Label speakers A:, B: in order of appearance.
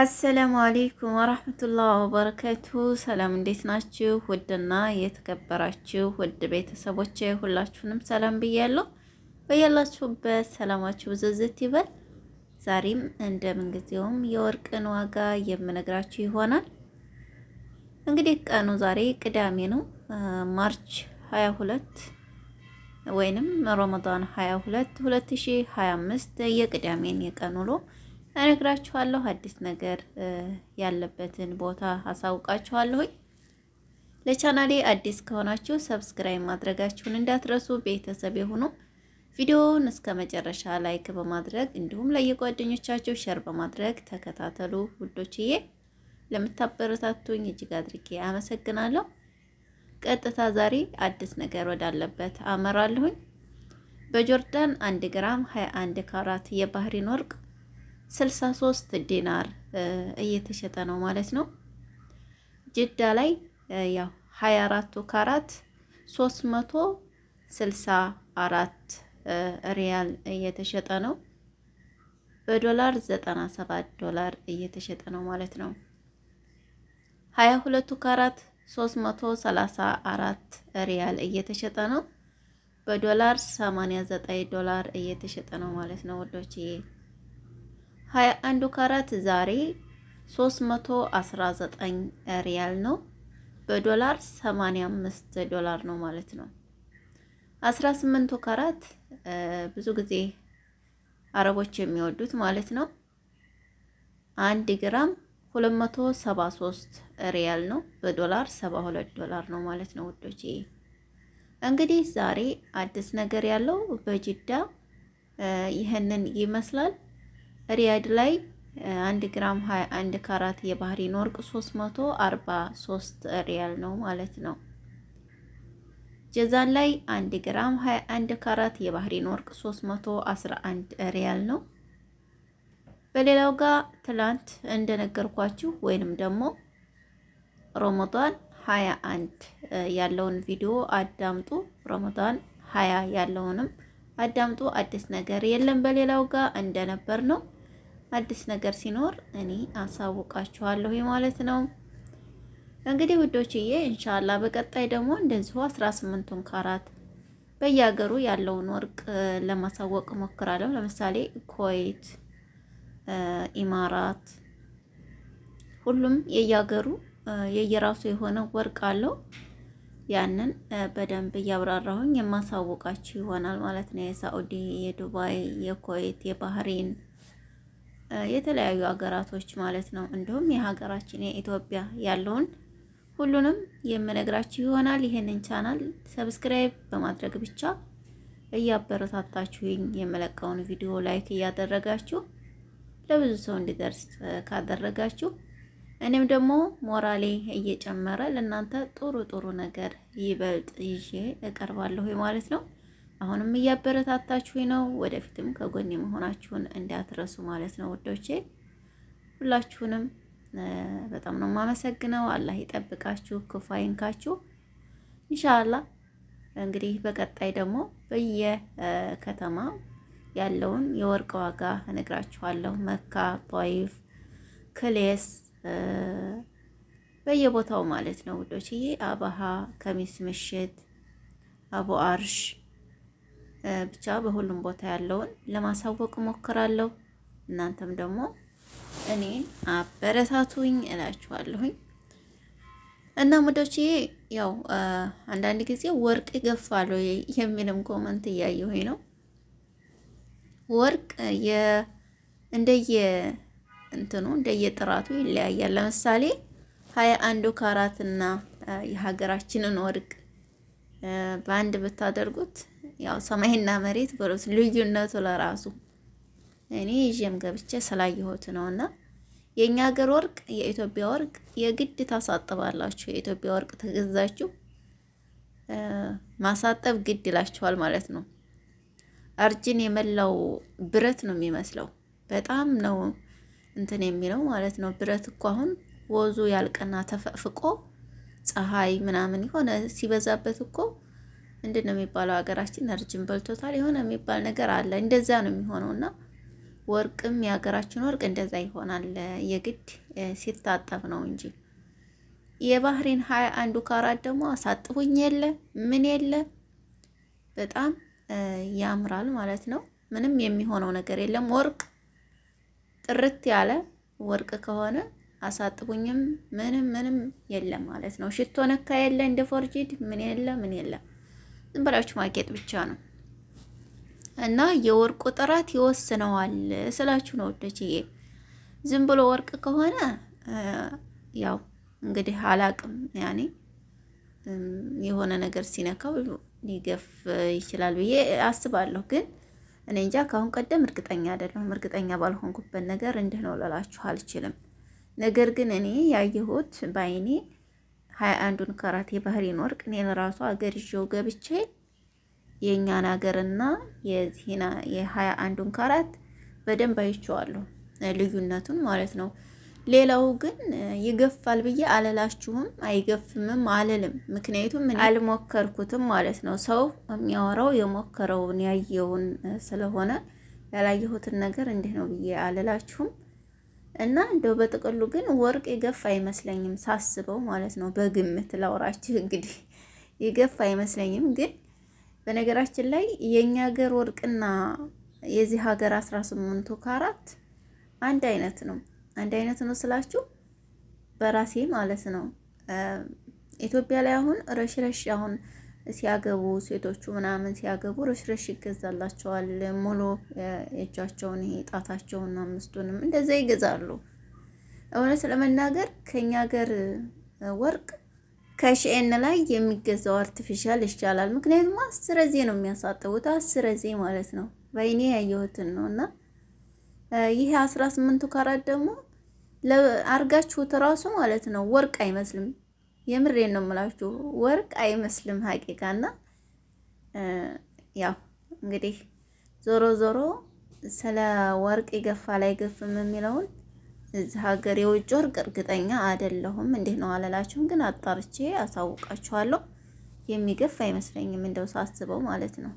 A: አሰላሙ አሌይኩም ወረህመቱላህ ወበረከቱ። ሰላም እንዴት ናችሁ? ውድና የተከበራችሁ ውድ ቤተሰቦች ሁላችሁንም ሰላም ብያለሁ። በያላችሁበት ሰላማችሁ ብዝዝት ይበል። ዛሬም እንደምንጊዜውም የወርቅን ዋጋ የምነግራችሁ ይሆናል። እንግዲህ ቀኑ ዛሬ ቅዳሜ ነው፣ ማርች 22 ወይንም ረመዳን 22 2025 የቅዳሜን የቀን ውሎ እነግራችኋለሁ። አዲስ ነገር ያለበትን ቦታ አሳውቃችኋለሁኝ። ለቻናሌ አዲስ ከሆናችሁ ሰብስክራይብ ማድረጋችሁን እንዳትረሱ። ቤተሰብ የሆኑ ቪዲዮውን እስከ መጨረሻ ላይክ በማድረግ እንዲሁም ለየጓደኞቻችሁ ሸር በማድረግ ተከታተሉ ውዶችዬ። ለምታበረታቱኝ እጅግ አድርጌ አመሰግናለሁ። ቀጥታ ዛሬ አዲስ ነገር ወዳለበት አመራለሁኝ። በጆርዳን 1 ግራም 21 ካራት የባህሪን ወርቅ 63 ዲናር እየተሸጠ ነው ማለት ነው። ጅዳ ላይ ያው 24ቱ ካራት 364 ሪያል እየተሸጠ ነው። በዶላር 97 ዶላር እየተሸጠ ነው ማለት ነው። ካራት 334 ሪያል እየተሸጠ ነው። በዶላር 89 ዶላር እየተሸጠ ነው ማለት ነው ወዶቼ 21 ካራት ዛሬ 319 ሪያል ነው። በዶላር 85 ዶላር ነው ማለት ነው። 18 ካራት ብዙ ጊዜ አረቦች የሚወዱት ማለት ነው። አንድ ግራም 273 ሪያል ነው። በዶላር 72 ዶላር ነው ማለት ነው ውዶቼ። እንግዲህ ዛሬ አዲስ ነገር ያለው በጅዳ ይህንን ይመስላል። ሪያድ ላይ 1 ግራም 21 ካራት የባህሪን ወርቅ 343 ሪያል ነው ማለት ነው። ጀዛን ላይ 1 ግራም 21 ካራት የባህሪን ወርቅ 311 ሪያል ነው። በሌላው ጋር ትላንት እንደነገርኳችሁ ወይንም ደግሞ ረመዳን 21 ያለውን ቪዲዮ አዳምጡ። ረመዳን 20 ያለውንም አዳምጡ። አዲስ ነገር የለም። በሌላው ጋር እንደነበር ነው አዲስ ነገር ሲኖር እኔ አሳውቃችኋለሁ ማለት ነው። እንግዲህ ውዶችዬ ኢንሻአላህ በቀጣይ ደግሞ እንደዚሁ 18ቱን ካራት በየሀገሩ ያለውን ወርቅ ለማሳወቅ እሞክራለሁ። ለምሳሌ ኩዌት፣ ኢማራት ሁሉም የየሀገሩ የየራሱ የሆነ ወርቅ አለው። ያንን በደንብ እያብራራሁኝ የማሳወቃችሁ ይሆናል ማለት ነው። የሳውዲ የዱባይ፣ የኩዌት፣ የባህሬን የተለያዩ ሀገራቶች ማለት ነው። እንዲሁም የሀገራችን የኢትዮጵያ ያለውን ሁሉንም የምነግራችሁ ይሆናል። ይህንን ቻናል ሰብስክራይብ በማድረግ ብቻ እያበረታታችሁኝ የመለቀውን ቪዲዮ ላይክ እያደረጋችሁ ለብዙ ሰው እንዲደርስ ካደረጋችሁ እኔም ደግሞ ሞራሌ እየጨመረ ለእናንተ ጥሩ ጥሩ ነገር ይበልጥ ይዤ እቀርባለሁ ማለት ነው። አሁንም እያበረታታችሁኝ ነው። ወደፊትም ከጎን መሆናችሁን እንዳትረሱ ማለት ነው ውዶቼ። ሁላችሁንም በጣም ነው የማመሰግነው። አላህ ይጠብቃችሁ፣ ክፉ አይንካችሁ። እንሻላ እንግዲህ በቀጣይ ደግሞ በየከተማ ያለውን የወርቅ ዋጋ እነግራችኋለሁ። መካ፣ ጧይፍ፣ ክሌስ በየቦታው ማለት ነው ውዶችዬ። አባሃ፣ ከሚስ ምሽት፣ አቡ አርሽ ብቻ በሁሉም ቦታ ያለውን ለማሳወቅ እሞክራለሁ። እናንተም ደግሞ እኔን አበረታቱኝ እላችኋለሁኝ። እና ሙዶቼ ያው አንዳንድ ጊዜ ወርቅ ይገፋል የሚልም ኮመንት እያየሁኝ ነው። ወርቅ እንደየ እንትኑ እንደየ ጥራቱ ይለያያል። ለምሳሌ ሀያ አንዱ ካራትና የሀገራችንን ወርቅ በአንድ ብታደርጉት ያው ሰማይና መሬት ጎረቤት ልዩነቱ ለራሱ እኔ ይዤም ገብቼ ስላየሁት ነውና የኛ ሀገር ወርቅ የኢትዮጵያ ወርቅ የግድ ታሳጥባላችሁ። የኢትዮጵያ ወርቅ ተገዛችሁ ማሳጠብ ግድ ይላችኋል ማለት ነው። አርጅን የመላው ብረት ነው የሚመስለው። በጣም ነው እንትን የሚለው ማለት ነው። ብረት እኮ አሁን ወዙ ያልቅና ተፈቅፍቆ ፀሐይ ምናምን የሆነ ሲበዛበት እኮ ምንድን ነው የሚባለው ሀገራችን እርጅም በልቶታል የሆነ የሚባል ነገር አለ። እንደዛ ነው የሚሆነው እና ወርቅም የሀገራችን ወርቅ እንደዛ ይሆናል። የግድ ሲታጠብ ነው እንጂ የባህሬን ሀያ አንዱ ካራት ደግሞ አሳጥቡኝ የለ ምን የለ በጣም ያምራል ማለት ነው። ምንም የሚሆነው ነገር የለም። ወርቅ ጥርት ያለ ወርቅ ከሆነ አሳጥቡኝም ምንም ምንም የለም ማለት ነው። ሽቶ ነካ የለ እንደ ፎርጂድ ምን የለ ምን የለም። ዝም ብላችሁ ማጌጥ ብቻ ነው እና የወርቁ ጥራት ይወስነዋል ስላችሁ ነው ወደችዬ ዝም ብሎ ወርቅ ከሆነ ያው እንግዲህ አላቅም ያኔ የሆነ ነገር ሲነካው ሊገፍ ይችላል ብዬ አስባለሁ። ግን እኔ እንጃ ካሁን ቀደም እርግጠኛ አይደለሁም። እርግጠኛ ባልሆንኩበት ነገር እንዲህ ነው ልላችሁ አልችልም። ነገር ግን እኔ ያየሁት በአይኔ ሀያ አንዱን ካራት የባህሪን ወርቅ እኔን ራሱ አገር ይዤው ገብቼ የእኛን ሀገርና የዚህና የሀያ አንዱን ካራት በደንብ አይቼዋለሁ፣ ልዩነቱን ማለት ነው። ሌላው ግን ይገፋል ብዬ አልላችሁም፣ አይገፍምም አልልም። ምክንያቱም አልሞከርኩትም ማለት ነው። ሰው የሚያወራው የሞከረውን ያየውን ስለሆነ ያላየሁትን ነገር እንዲህ ነው ብዬ አልላችሁም። እና እንደው በጥቅሉ ግን ወርቅ የገፋ አይመስለኝም ሳስበው ማለት ነው። በግምት ላውራችሁ እንግዲህ የገፋ አይመስለኝም። ግን በነገራችን ላይ የእኛ ሀገር ወርቅና የዚህ ሀገር አስራ ስምንቱ ካራት አንድ አይነት ነው። አንድ አይነት ነው ስላችሁ በራሴ ማለት ነው። ኢትዮጵያ ላይ አሁን ረሽረሽ አሁን ሲያገቡ ሴቶቹ ምናምን ሲያገቡ ርሽርሽ ይገዛላቸዋል። ሙሉ እጃቸውን ይሄ ጣታቸውን አምስቱንም እንደዛ ይገዛሉ። እውነት ለመናገር ከኛ ሀገር ወርቅ ከሽኤን ላይ የሚገዛው አርቲፊሻል ይሻላል። ምክንያቱም አስር ዜ ነው የሚያሳጥቡት፣ አስር ዜ ማለት ነው። በይኔ ያየሁትን ነው እና ይህ አስራ ስምንቱ ካራት ደግሞ አርጋችሁት ራሱ ማለት ነው ወርቅ አይመስልም። የምሬን ነው የምላችሁ ወርቅ አይመስልም እና ያው እንግዲህ ዞሮ ዞሮ ስለ ወርቅ ይገፋ ላይ ገፍም የሚለውን እዚህ ሀገር የውጭ ወርቅ እርግጠኛ አይደለሁም እንዴት ነው አለላችሁም፣ ግን አጣርቼ አሳውቃችኋለሁ። የሚገፍ አይመስለኝም እንደው ሳስበው ማለት ነው።